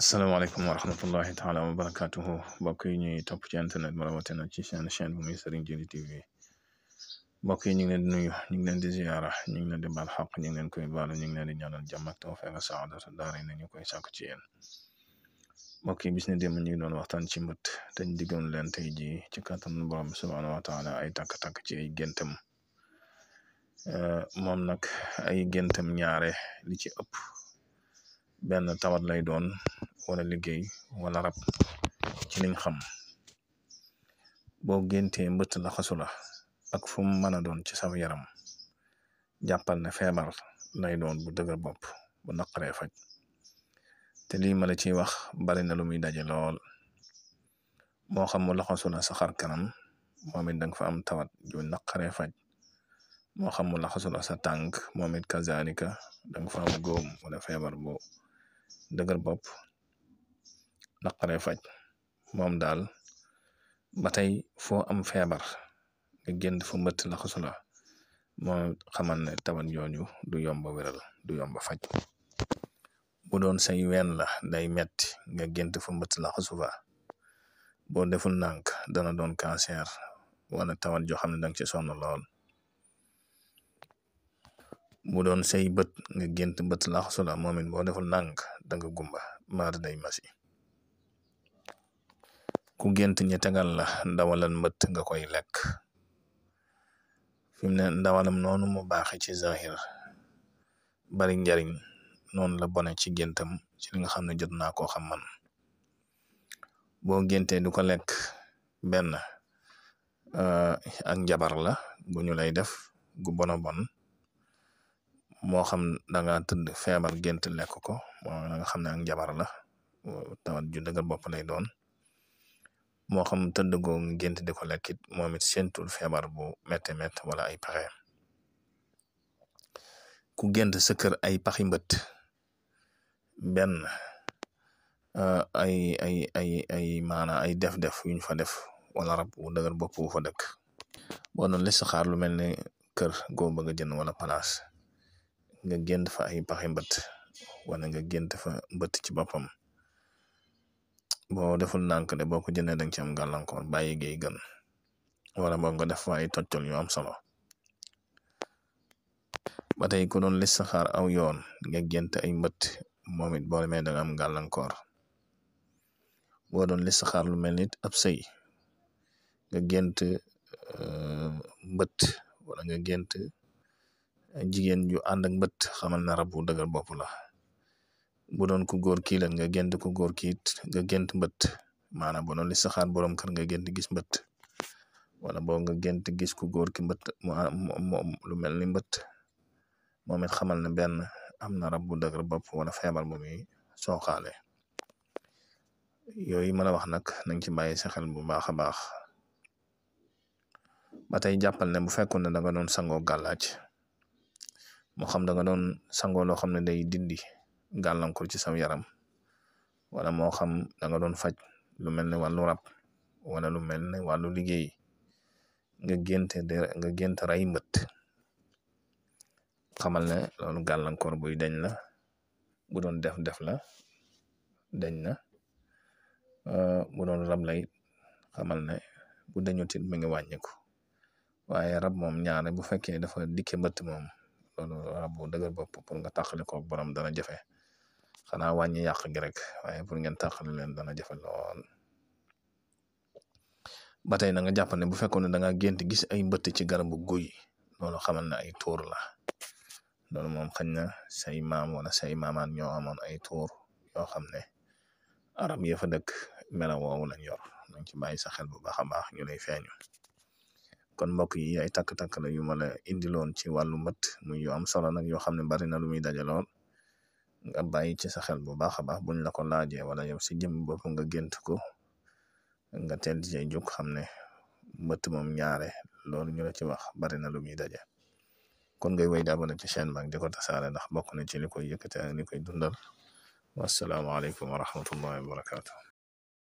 asalaamaaleykum wa rahmatullahi taala wa barakatuhu mbokk yi ñu ñuy topp ci internet bi rawatina ci seen chaîne bu muy Serigne Djily TV mbokk yi ñu ngi leen di nuyu ñu ngi leen di ziyaara ñu ngi leen di baal xaq ñu ngi leen koy baalu ñu ngi leen di ñaanal jàmm ak tawfeex ak saadatu daara yi nañu koy sàkk ci yéen mbokk yi bis ne démb ñu ngi doon waxtaan ci mbët te ñu diggoon leen tey jii ci kàttanu borom bi subhaanahu wa taala ay takk-takk ci ay géntam moom nag ay géntam ñaare li ci ëpp benn tawat lay doon wala liggéey wala rab ci xam boo géntee mbëtt la xasu ak fu mu mën a doon ci saw yaram jàppal na feebar lay doon bu dëgër bopp bu naqaree faj te lii ma la ciy wax bari na lu muy daje lool moo xam mu laxasu la sa xar kanam moom it danga fa am tawat ju naqaree faj moo xam mu laxasu sa tànk moom it kazalika danga fa am wala feebar boo dëgër bopp naqaree faj moom daal ba tey foo am feebar nga génn fa mbëtt la xasula moo xamal ne jooju du yomba wéral du yomba faj bu doon say ween la day metti nga gént fa mbëtt la fa boo deful nànk dana doon cancer wala tawat joo xam ne danga ci sonn lool mu doon sey bët nga gént bët laxasu la moom boo deful ndànk danga gumba maar day masi ku gént ñi tegal la ndawalan mbëtt nga koy lekk fi ne ndawalam noonu mu baaxe ci zahir bari njariñ noonu la bone ci géntam ci li nga xam ne jot naa koo xam man boo géntee du ko lekk benn euh, ak njabar la ñu lay def gu bona bon moo xam da nga tëdd feebar gént lekk ko moo nga xam ne ak njabar la tawat ju dëgër bopp lay doon moo xam tëdd googu gént di ko lekkit moom it séentul feebar bu métte wala ay paxe ku gént sa kër ay paxi mbët benn ay ay ay ay maana ay def-def yuñ fa def wala rab wu dëgër bopp wu fa dëkk boo doon listixaar lu mel ne kër goo bëgg a jënd wala place nga gént fa ay paxi mbët wala nga gént fa mbët ci boppam boo deful ndànk de boo ko jëndee da ci am gàllankoor bàyyi gay gën wala boog nga def fa ay toccal yu am solo ba ku doon listixaar aw yoon nga gént ay mbët moom it boo demee da am gàllankoor boo doon listixaar lu mel nit ab sëy nga gént euh, mbët wala nga gént jigéen ju ànd ak bët xamal na rab bu dëgër bopp la bu doon ku góor kii lan nga gént ku góor kiit nga gént mbët maanaam bu doon li saxaar borom kër nga gént gis mbët wala boo nga gént gis ku góor ki mbët mu lu mel ni mbët moom it xamal na benn am na rab bu dëgër bopp wala feebar bu muy sooxaale yooyu mën a wax nag nañ ci bàyyi sa xel bu baax a baax ba tey jàppal ne bu fekkoon ne da nga doon sangoo gàllaaj moo xam da nga doon sangoo loo xam ne day dindi gàllankoor ci sam yaram wala moo xam da doon faj lu mel ne wàllu rab wala lu mel ne wàllu liggéey nga gént de nga gént ray mbët xamal ne loolu gàllankoor buy deñ la bu doon def def la dañ na euh, bu doon rab la it xamal ne bu dañu tit mi ngi wàññiku waaye rab moom ñaare bu fekkee dafa dikke mbëtt moom loolu rab bu dëgër bopp pour nga tàqali ko borom dana jafe xanaa wàññi yàq gi rek waaye pour ngeen tàqali leen dana jafe lool. ba tey na nga jàpp ne bu fekkoon ne da gént gis ay mbëtt ci garabu guy loolu xamal na ay tuur la loolu moom xañ na say maam wala say maamaat ñoo amoon ay tuur yoo xam ne arab ya fa dëkk melaw woowu lañ yor ci bàyyi sa bu baax baax ñu lay feeñu. kon mbokk yi ay takk-takk la yu ma la indiloon ci wàllu mbët muy yu am solo nag yoo xam ne bari na lu muy dajaloon nga bàyyi ci sa xel bu baax a baax buñ la ko wala yow si jëm bopp nga gént ko nga teel di cay jóg xam ne mbët moom ñaare loolu ñu ci wax bari na lu muy daje kon ngay wéy di abonné ci chaîne bi di ko tasaare ndax bokk na ci li koy yëkkate ak li koy dundal wasalaamaaleykum wa rahmatullahi wa barakaatu.